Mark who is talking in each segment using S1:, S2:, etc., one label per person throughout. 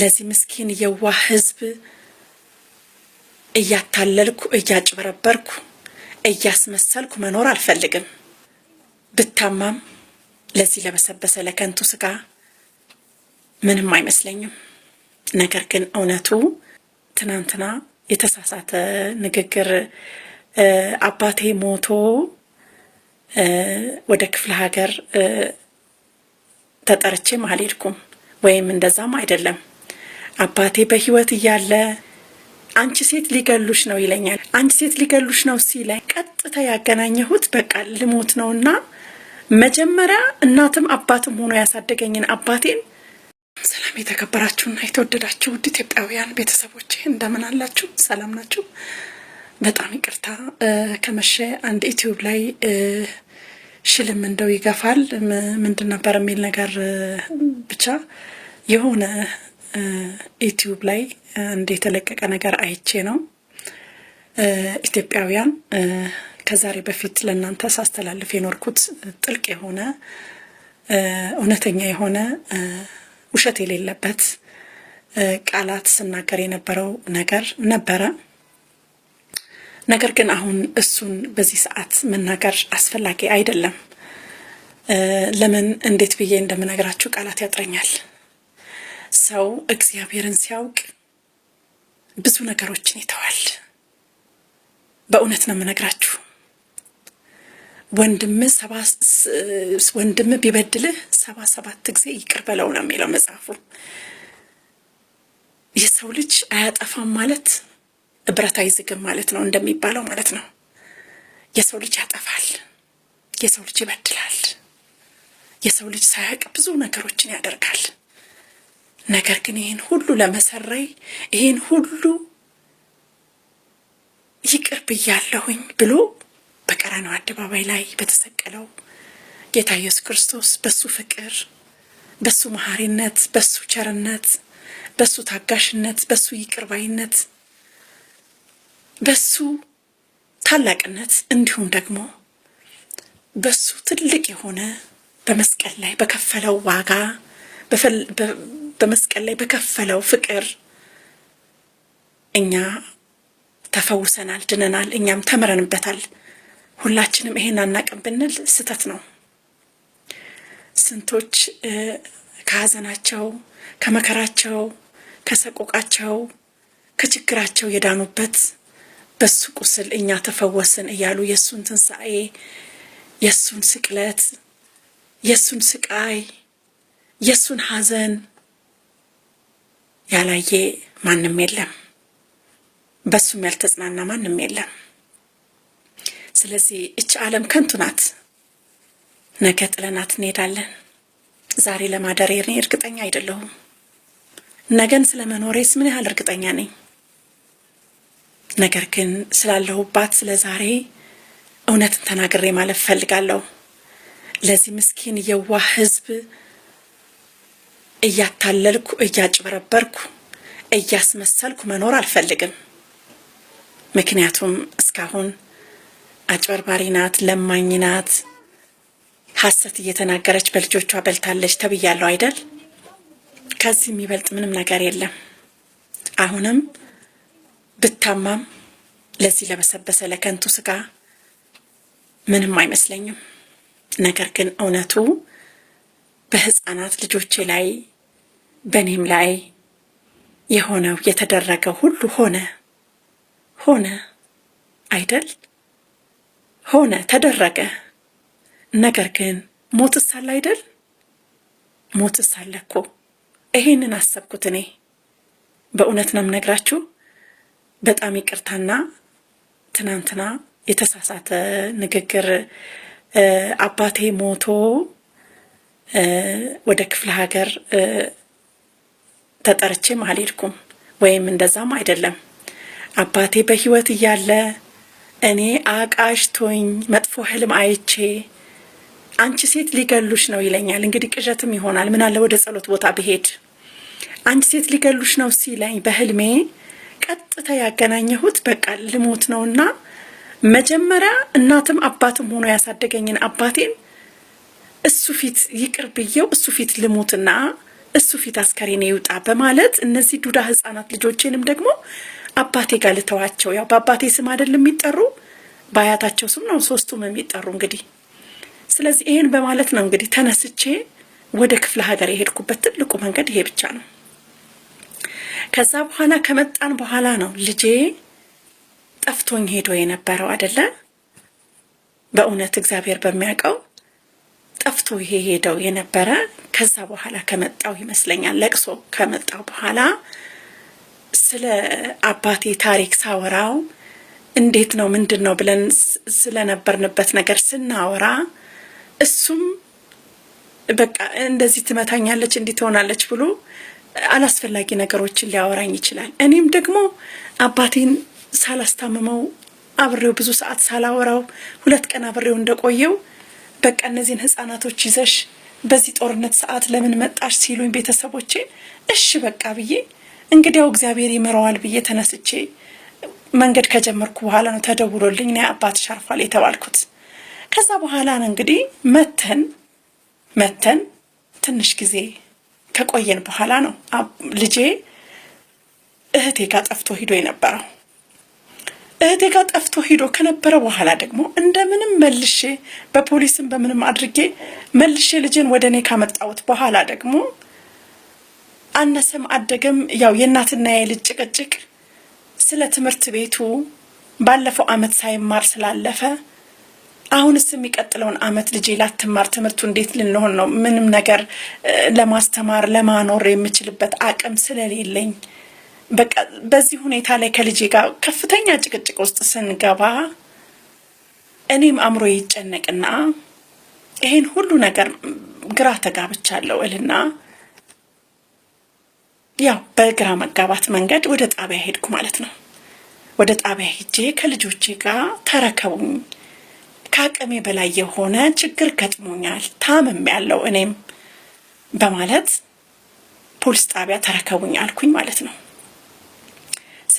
S1: ለዚህ ምስኪን የዋ ህዝብ እያታለልኩ እያጭበረበርኩ እያስመሰልኩ መኖር አልፈልግም። ብታማም ለዚህ ለበሰበሰ ለከንቱ ስጋ ምንም አይመስለኝም። ነገር ግን እውነቱ ትናንትና የተሳሳተ ንግግር አባቴ ሞቶ ወደ ክፍለ ሀገር ተጠርቼም አልሄድኩም ወይም እንደዛም አይደለም አባቴ በህይወት እያለ አንቺ ሴት ሊገሉሽ ነው ይለኛል። አንቺ ሴት ሊገሉሽ ነው ሲለኝ ቀጥታ ያገናኘሁት በቃ ልሞት ነው እና መጀመሪያ እናትም አባትም ሆኖ ያሳደገኝን አባቴን ሰላም የተከበራችሁና የተወደዳችሁ ውድ ኢትዮጵያውያን ቤተሰቦች እንደምን አላችሁ? ሰላም ናችሁ? በጣም ይቅርታ ከመሸ አንድ ኢትዮብ ላይ ሽልም እንደው ይገፋል ምንድን ነበር የሚል ነገር ብቻ የሆነ ዩቲዩብ ላይ አንድ የተለቀቀ ነገር አይቼ ነው። ኢትዮጵያውያን ከዛሬ በፊት ለእናንተ ሳስተላልፍ የኖርኩት ጥልቅ የሆነ እውነተኛ የሆነ ውሸት የሌለበት ቃላት ስናገር የነበረው ነገር ነበረ። ነገር ግን አሁን እሱን በዚህ ሰዓት መናገር አስፈላጊ አይደለም። ለምን እንዴት ብዬ እንደምነግራችሁ ቃላት ያጥረኛል። ሰው እግዚአብሔርን ሲያውቅ ብዙ ነገሮችን ይተዋል። በእውነት ነው የምነግራችሁ። ወንድም ቢበድልህ ሰባ ሰባት ጊዜ ይቅር በለው ነው የሚለው መጽሐፉ። የሰው ልጅ አያጠፋም ማለት ብረት አይዝግም ማለት ነው እንደሚባለው ማለት ነው። የሰው ልጅ ያጠፋል፣ የሰው ልጅ ይበድላል፣ የሰው ልጅ ሳያውቅ ብዙ ነገሮችን ያደርጋል። ነገር ግን ይህን ሁሉ ለመሰረይ ይህን ሁሉ ይቅር ብያለሁኝ ብሎ በቀራንዮ አደባባይ ላይ በተሰቀለው ጌታ ኢየሱስ ክርስቶስ በሱ ፍቅር፣ በሱ መሐሪነት፣ በሱ ቸርነት፣ በሱ ታጋሽነት፣ በሱ ይቅርባይነት፣ በሱ ታላቅነት እንዲሁም ደግሞ በሱ ትልቅ የሆነ በመስቀል ላይ በከፈለው ዋጋ በመስቀል ላይ በከፈለው ፍቅር እኛ ተፈውሰናል፣ ድነናል፣ እኛም ተምረንበታል። ሁላችንም ይሄን አናቅም ብንል ስህተት ነው። ስንቶች ከሀዘናቸው፣ ከመከራቸው፣ ከሰቆቃቸው፣ ከችግራቸው የዳኑበት በሱ ቁስል እኛ ተፈወስን እያሉ የእሱን ትንሣኤ፣ የእሱን ስቅለት፣ የእሱን ስቃይ፣ የእሱን ሀዘን ያላየ ማንም የለም፣ በሱም ያልተጽናና ማንም የለም። ስለዚህ እች ዓለም ከንቱ ናት። ነገ ጥለናት እንሄዳለን። ዛሬ ለማደሬ እኔ እርግጠኛ አይደለሁም። ነገን ስለመኖሬስ ምን ያህል እርግጠኛ ነኝ? ነገር ግን ስላለሁባት ስለ ዛሬ እውነትን ተናግሬ ማለፍ ፈልጋለሁ። ለዚህ ምስኪን የዋህ ህዝብ እያታለልኩ እያጭበረበርኩ እያስመሰልኩ መኖር አልፈልግም። ምክንያቱም እስካሁን አጭበርባሪ ናት፣ ለማኝ ናት፣ ሐሰት እየተናገረች በልጆቿ በልታለች ተብያለሁ አይደል? ከዚህ የሚበልጥ ምንም ነገር የለም። አሁንም ብታማም ለዚህ ለበሰበሰ ለከንቱ ስጋ ምንም አይመስለኝም። ነገር ግን እውነቱ በህፃናት ልጆቼ ላይ በእኔም ላይ የሆነው የተደረገው ሁሉ ሆነ ሆነ አይደል? ሆነ ተደረገ። ነገር ግን ሞት አለ አይደል? ሞትስ አለ እኮ። ይሄንን አሰብኩት እኔ በእውነት ነው የምነግራችሁ። በጣም ይቅርታና ትናንትና የተሳሳተ ንግግር አባቴ ሞቶ ወደ ክፍለ ሀገር ተጠርቼም አልሄድኩም ወይም እንደዛም አይደለም። አባቴ በህይወት እያለ እኔ አቃሽቶኝ መጥፎ ህልም አይቼ አንቺ ሴት ሊገሉሽ ነው ይለኛል። እንግዲህ ቅዠትም ይሆናል አለ ወደ ጸሎት ቦታ ብሄድ አንቺ ሴት ሊገሉሽ ነው ሲለኝ በህልሜ ቀጥታ ያገናኘሁት በቃ ልሞት ነውና መጀመሪያ እናትም አባትም ሆኖ ያሳደገኝን አባቴን እሱ ፊት ይቅር ብዬው እሱ ፊት ልሞትና እሱ ፊት አስከሬኔ ይውጣ በማለት እነዚህ ዱዳ ህጻናት ልጆቼንም ደግሞ አባቴ ጋር ልተዋቸው። ያው በአባቴ ስም አይደለም የሚጠሩ በአያታቸው ስም ነው ሶስቱም የሚጠሩ እንግዲህ። ስለዚህ ይሄን በማለት ነው እንግዲህ ተነስቼ ወደ ክፍለ ሀገር የሄድኩበት ትልቁ መንገድ ይሄ ብቻ ነው። ከዛ በኋላ ከመጣን በኋላ ነው ልጄ ጠፍቶኝ ሄዶ የነበረው አይደለ። በእውነት እግዚአብሔር በሚያውቀው ጠፍቶ ይሄ ሄደው የነበረ ከዛ በኋላ ከመጣው ይመስለኛል ለቅሶ ከመጣው በኋላ ስለ አባቴ ታሪክ ሳወራው እንዴት ነው ምንድን ነው ብለን ስለነበርንበት ነገር ስናወራ እሱም በቃ እንደዚህ ትመታኛለች እንዲህ ትሆናለች ብሎ አላስፈላጊ ነገሮችን ሊያወራኝ ይችላል። እኔም ደግሞ አባቴን ሳላስታምመው አብሬው ብዙ ሰዓት ሳላወራው ሁለት ቀን አብሬው እንደቆየው በቃ እነዚህን ህጻናቶች ይዘሽ በዚህ ጦርነት ሰዓት ለምን መጣሽ ሲሉኝ ቤተሰቦቼ እሺ በቃ ብዬ እንግዲያው እግዚአብሔር ይምረዋል ብዬ ተነስቼ መንገድ ከጀመርኩ በኋላ ነው ተደውሎልኝ ና አባት ሻርፏል የተባልኩት። ከዛ በኋላ ነው እንግዲህ መተን መተን ትንሽ ጊዜ ከቆየን በኋላ ነው ልጄ እህቴ ጋር ጠፍቶ ሂዶ የነበረው። እህቴ ጋር ጠፍቶ ሂዶ ከነበረ በኋላ ደግሞ እንደምንም መልሼ በፖሊስም በምንም አድርጌ መልሼ ልጅን ወደ እኔ ካመጣሁት በኋላ ደግሞ አነሰም አደገም ያው የእናትና የልጅ ጭቅጭቅ ስለ ትምህርት ቤቱ ባለፈው አመት ሳይማር ስላለፈ አሁንስ የሚቀጥለውን አመት ልጄ ላትማር ትምህርቱ እንዴት ልንሆን ነው? ምንም ነገር ለማስተማር ለማኖር የምችልበት አቅም ስለሌለኝ በቃ በዚህ ሁኔታ ላይ ከልጄ ጋር ከፍተኛ ጭቅጭቅ ውስጥ ስንገባ እኔም አእምሮ ይጨነቅና ይሄን ሁሉ ነገር ግራ ተጋብቻለሁ እልና ያው በግራ መጋባት መንገድ ወደ ጣቢያ ሄድኩ ማለት ነው። ወደ ጣቢያ ሄጄ ከልጆቼ ጋር ተረከቡኝ፣ ከአቅሜ በላይ የሆነ ችግር ገጥሞኛል፣ ታምም ያለው እኔም በማለት ፖሊስ ጣቢያ ተረከቡኝ አልኩኝ ማለት ነው።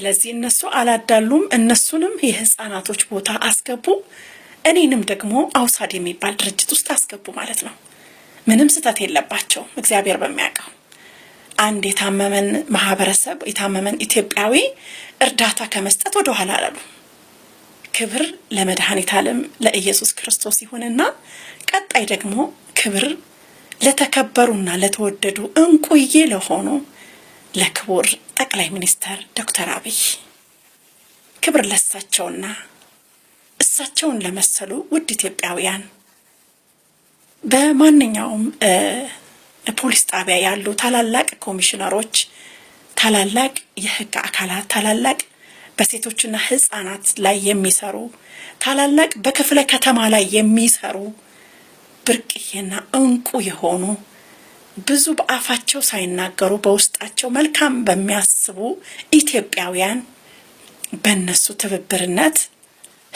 S1: ስለዚህ እነሱ አላዳሉም። እነሱንም የህፃናቶች ቦታ አስገቡ፣ እኔንም ደግሞ አውሳድ የሚባል ድርጅት ውስጥ አስገቡ ማለት ነው። ምንም ስህተት የለባቸውም። እግዚአብሔር በሚያውቀው አንድ የታመመን ማህበረሰብ የታመመን ኢትዮጵያዊ እርዳታ ከመስጠት ወደኋላ አላሉ። ክብር ለመድሃኒት ዓለም ለኢየሱስ ክርስቶስ ይሁንና ቀጣይ ደግሞ ክብር ለተከበሩና ለተወደዱ እንቁዬ ለሆኑ ለክቡር ጠቅላይ ሚኒስተር ዶክተር አብይ ክብር ለሳቸውና እሳቸውን ለመሰሉ ውድ ኢትዮጵያውያን በማንኛውም ፖሊስ ጣቢያ ያሉ ታላላቅ ኮሚሽነሮች፣ ታላላቅ የህግ አካላት፣ ታላላቅ በሴቶችና ህጻናት ላይ የሚሰሩ ታላላቅ በክፍለ ከተማ ላይ የሚሰሩ ብርቅዬና እንቁ የሆኑ ብዙ በአፋቸው ሳይናገሩ በውስጣቸው መልካም በሚያስቡ ኢትዮጵያውያን በእነሱ ትብብርነት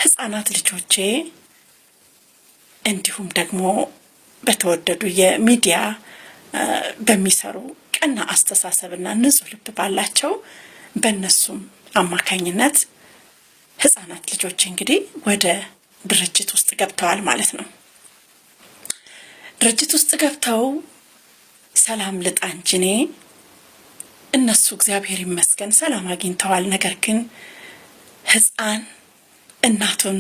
S1: ህጻናት ልጆቼ እንዲሁም ደግሞ በተወደዱ የሚዲያ በሚሰሩ ቀና አስተሳሰብና ንጹህ ልብ ባላቸው በእነሱም አማካኝነት ህጻናት ልጆች እንግዲህ ወደ ድርጅት ውስጥ ገብተዋል ማለት ነው። ድርጅት ውስጥ ገብተው ሰላም ልጣ እንጂ እኔ እነሱ እግዚአብሔር ይመስገን ሰላም አግኝተዋል። ነገር ግን ህፃን እናቱን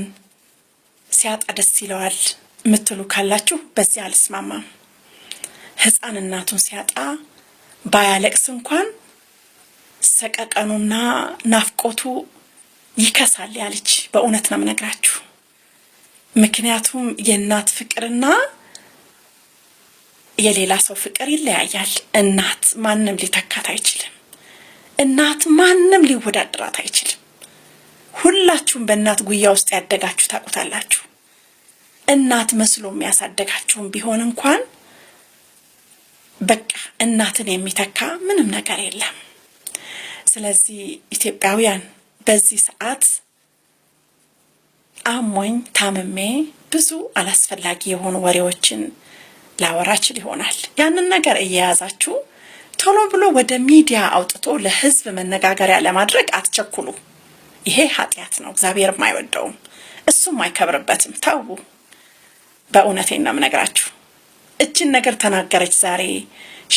S1: ሲያጣ ደስ ይለዋል የምትሉ ካላችሁ በዚህ አልስማማም። ህፃን እናቱን ሲያጣ ባያለቅስ እንኳን ሰቀቀኑና ናፍቆቱ ይከሳል ያለች በእውነት ነው የምነግራችሁ። ምክንያቱም የእናት ፍቅርና የሌላ ሰው ፍቅር ይለያያል። እናት ማንም ሊተካት አይችልም። እናት ማንም ሊወዳደራት አይችልም። ሁላችሁም በእናት ጉያ ውስጥ ያደጋችሁ ታውቁታላችሁ። እናት መስሎ የሚያሳደጋችሁም ቢሆን እንኳን በቃ እናትን የሚተካ ምንም ነገር የለም። ስለዚህ ኢትዮጵያውያን በዚህ ሰዓት አሞኝ ታምሜ ብዙ አላስፈላጊ የሆኑ ወሬዎችን ላወራችል ይሆናል። ያንን ነገር እየያዛችሁ ቶሎ ብሎ ወደ ሚዲያ አውጥቶ ለህዝብ መነጋገሪያ ለማድረግ አትቸኩሉ። ይሄ ኃጢአት ነው፣ እግዚአብሔርም አይወደውም፣ እሱም አይከብርበትም። ተዉ። በእውነቴ ነው የምነግራችሁ። እችን ነገር ተናገረች ዛሬ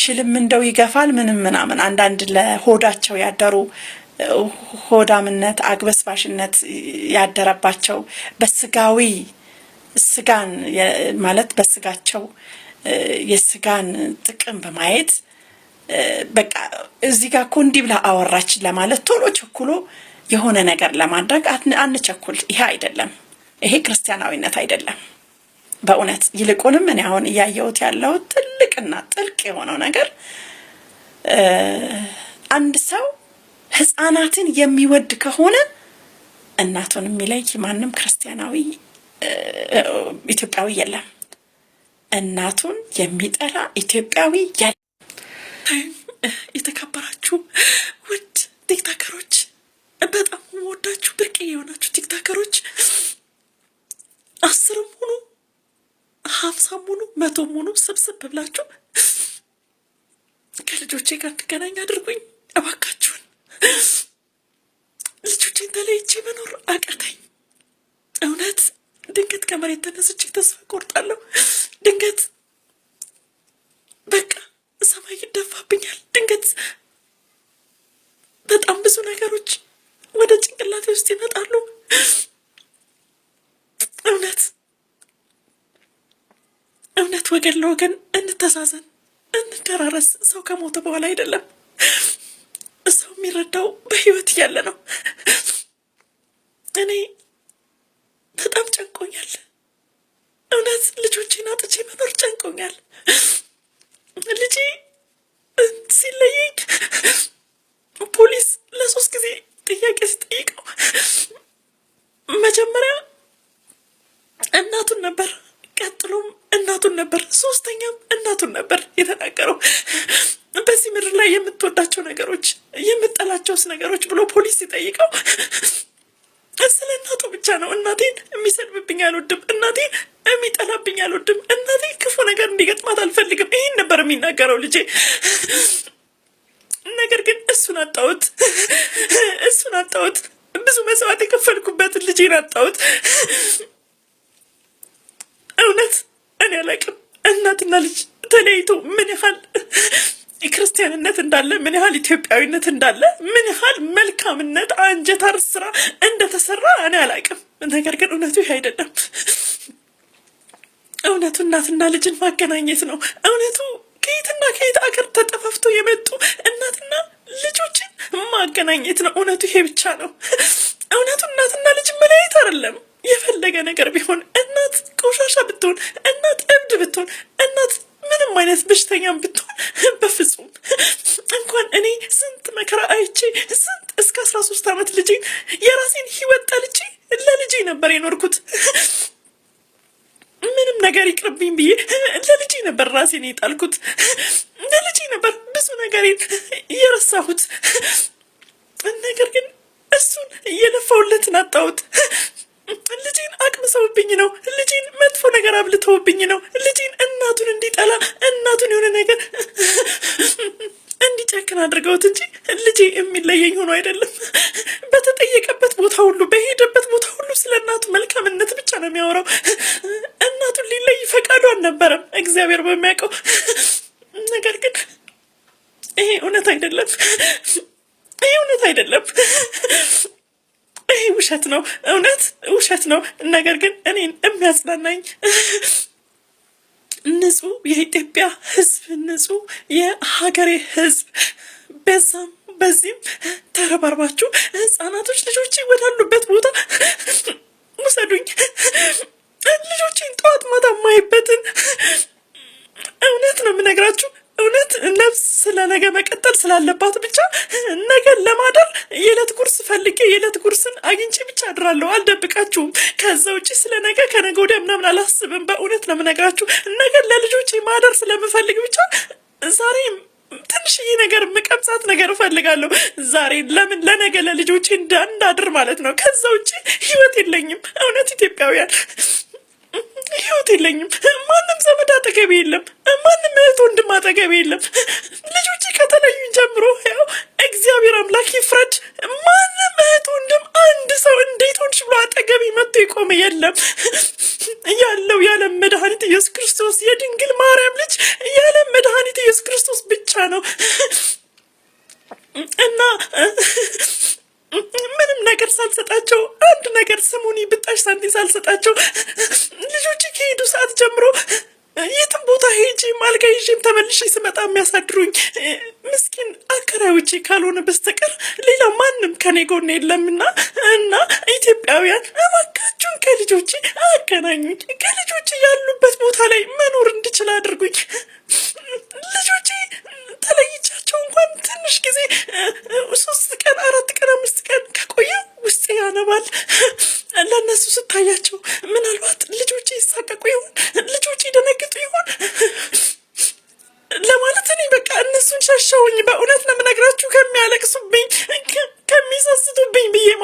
S1: ሽልም እንደው ይገፋል ምንም ምናምን አንዳንድ ለሆዳቸው ያደሩ ሆዳምነት አግበስባሽነት ያደረባቸው በስጋዊ ስጋን ማለት በስጋቸው የስጋን ጥቅም በማየት በቃ እዚህ ጋር እኮ እንዲህ ብላ አወራችን ለማለት ቶሎ ቸኩሎ የሆነ ነገር ለማድረግ አንቸኩል። ይሄ አይደለም፣ ይሄ ክርስቲያናዊነት አይደለም በእውነት ይልቁንም እኔ አሁን እያየሁት ያለው ትልቅና ጥልቅ የሆነው ነገር አንድ ሰው ሕፃናትን የሚወድ ከሆነ እናቱን የሚለይ ማንም ክርስቲያናዊ ኢትዮጵያዊ የለም። እናቱን የሚጠላ ኢትዮጵያዊ ያለ። የተከበራችሁ ውድ ቲክታከሮች፣ በጣም ወዳችሁ ብርቅ የሆናችሁ ቲክታከሮች አስርም ሁኑ ሀምሳም ሁኑ መቶም ሁኑ ስብስብ ብላችሁ ከልጆቼ ጋር እንድገናኝ አድርጉኝ እባካችሁን። ልጆቼን ተለይቼ መኖር አቃተኝ እውነት ድንገት ከመሬት ተነስቼ ተስፋ ቆርጣለሁ። ድንገት በቃ ሰማይ ይደፋብኛል። ድንገት በጣም ብዙ ነገሮች ወደ ጭንቅላቴ ውስጥ ይመጣሉ። እውነት እውነት ወገን ለወገን እንተዛዘን፣ እንደራረስ። ሰው ከሞተ በኋላ አይደለም ሰው የሚረዳው በህይወት እያለ ነው። እኔ በጣም ጨንቆኛል። እውነት ልጆቼን አጥቼ መኖር ጨንቆኛል። ልጄ ሲለየኝ ፖሊስ ለሶስት ጊዜ ጥያቄ ሲጠይቀው መጀመሪያ እናቱን ነበር፣ ቀጥሎም እናቱን ነበር፣ ሶስተኛም እናቱን ነበር የተናገረው። በዚህ ምድር ላይ የምትወዳቸው ነገሮች፣ የምጠላቸውስ ነገሮች ብሎ ፖሊስ ሲጠይቀው ስለ እናቱ ብቻ ነው። እናቴን የሚሰድብብኝ አልወድም። እናቴ የሚጠላብኝ አልወድም። እናቴ ክፉ ነገር እንዲገጥማት አልፈልግም። ይህን ነበር የሚናገረው ልጄ። ነገር ግን እሱን አጣሁት፣ እሱን አጣሁት። ብዙ መስዋዕት የከፈልኩበትን ልጄን አጣሁት። እውነት እኔ አላቅም እናትና ልጅ ተለያይቶ ምን ያህል ክርስቲያንነት እንዳለ ምን ያህል ኢትዮጵያዊነት እንዳለ ምን ያህል መልካምነት አንጀታር ስራ እንደተሰራ እኔ አላውቅም። ነገር ግን እውነቱ ይህ አይደለም። እውነቱ እናትና ልጅን ማገናኘት ነው። እውነቱ ከየትና ከየት አገር ተጠፋፍቶ የመጡ እናትና ልጆችን ማገናኘት ነው። እውነቱ ይሄ ብቻ ነው። እውነቱ እናትና ልጅ መለያየት አይደለም። የፈለገ ነገር ቢሆን እናት ቆሻሻ ብትሆን፣ እናት እብድ ብትሆን፣ እናት ምንም አይነት በሽተኛም እንደ ለልጄ ነበር። ብዙ ነገር እየረሳሁት፣ ነገር ግን እሱን እየለፋሁለትን አጣሁት። ልጄን አቅምሰውብኝ ነው። ልጄን መጥፎ ነገር አብልተውብኝ ነው። ልጄን እናቱን እንዲጠላ እናቱን የሆነ ነገር እንዲጨክን አድርገውት እንጂ ልጄ የሚለየኝ ሆኖ አይደለም። በተጠየቀበት ቦታ ሁሉ፣ በሄደበት ቦታ ሁሉ ስለ እናቱ መልካምነት ብቻ ነው የሚያወራው። እናቱን ሊለይ ፈቃዱ አልነበረም እግዚአብሔር በሚያውቀው ነገር ግን ይሄ እውነት አይደለም። ይሄ እውነት አይደለም። ይሄ ውሸት ነው። እውነት ውሸት ነው። ነገር ግን እኔን የሚያጽናናኝ ንጹህ የኢትዮጵያ ህዝብ ንጹህ የሀገሬ ህዝብ በዛም በዚህም ተረባርባችሁ ህጻናቶች ልጆች ወዳሉበት ቦታ ውሰዱኝ። ልጆችን ጠዋት ማታ ማይበትን እውነት ነው የምነግራችሁ። እውነት ነፍስ ስለ ነገ መቀጠል ስላለባት ብቻ ነገ ለማደር የዕለት ጉርስ ፈልጌ የዕለት ጉርስን አግኝቼ እሰራለሁ፣ አልደብቃችሁም። ከዛ ውጭ ስለ ነገ ከነገ ወዲያ ምናምን አላስብም። በእውነት ነው የምነግራችሁ። ነገር ለልጆቼ ማደር ስለምፈልግ ብቻ ዛሬ ትንሽዬ ነገር ምቀምሳት ነገር እፈልጋለሁ። ዛሬ ለምን ለነገ ለልጆቼ እንዳድር ማለት ነው። ከዛ ውጭ ህይወት የለኝም። እውነት ኢትዮጵያውያን ህይወት የለኝም። ማንም ዘመድ አጠገብ የለም። ማንም እህት ወንድም አጠገብ የለም። ልጆች ከተለዩኝ ጀምሮ ያው እግዚአብሔር አምላክ ይፍረድ። የቆመ የለም ያለው ያለ መድኃኒት ኢየሱስ ክርስቶስ የድንግል ማርያም ልጅ ያለ መድኃኒት ኢየሱስ ክርስቶስ ብቻ ነው እና ምንም ነገር ሳልሰጣቸው አንድ ነገር ስሙኒ ብጣሽ ሳንቲም ሳልሰጣቸው ልጆች ከሄዱ ሰዓት ጀምሮ የትም ቦታ ሄጂ አልጋ ይዤም ተመልሼ ስመጣ የሚያሳድሩኝ ምስኪን አከራዮቼ ካልሆነ በስተቀር ሌላ ማንም ከኔ ጎን የለምና እና ኢትዮጵያውያን ከልጆች አገናኙኝ። ከልጆች ያሉበት ቦታ ላይ መኖር እንድችል አድርጉኝ። ልጆቼ ተለይቻቸው እንኳን ትንሽ ጊዜ ሶስት ቀን፣ አራት ቀን፣ አምስት ቀን ከቆየ ውስጤ ያነባል። ለእነሱ ስታያቸው ምናልባት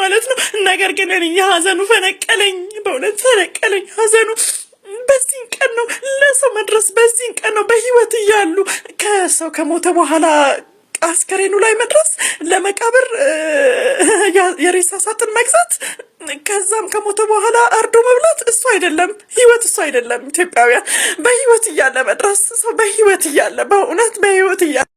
S1: ማለት ነው። ነገር ግን እኔ ሀዘኑ ፈነቀለኝ፣ በእውነት ፈነቀለኝ ሀዘኑ። በዚህን ቀን ነው ለሰው መድረስ፣ በዚህን ቀን ነው በህይወት እያሉ ከሰው ከሞተ በኋላ አስከሬኑ ላይ መድረስ፣ ለመቃብር የሬሳ ሳጥን መግዛት፣ ከዛም ከሞተ በኋላ አርዶ መብላት። እሱ አይደለም ህይወት፣ እሱ አይደለም ኢትዮጵያውያን። በህይወት እያለ መድረስ፣ ሰው በህይወት እያለ በእውነት በህይወት እያለ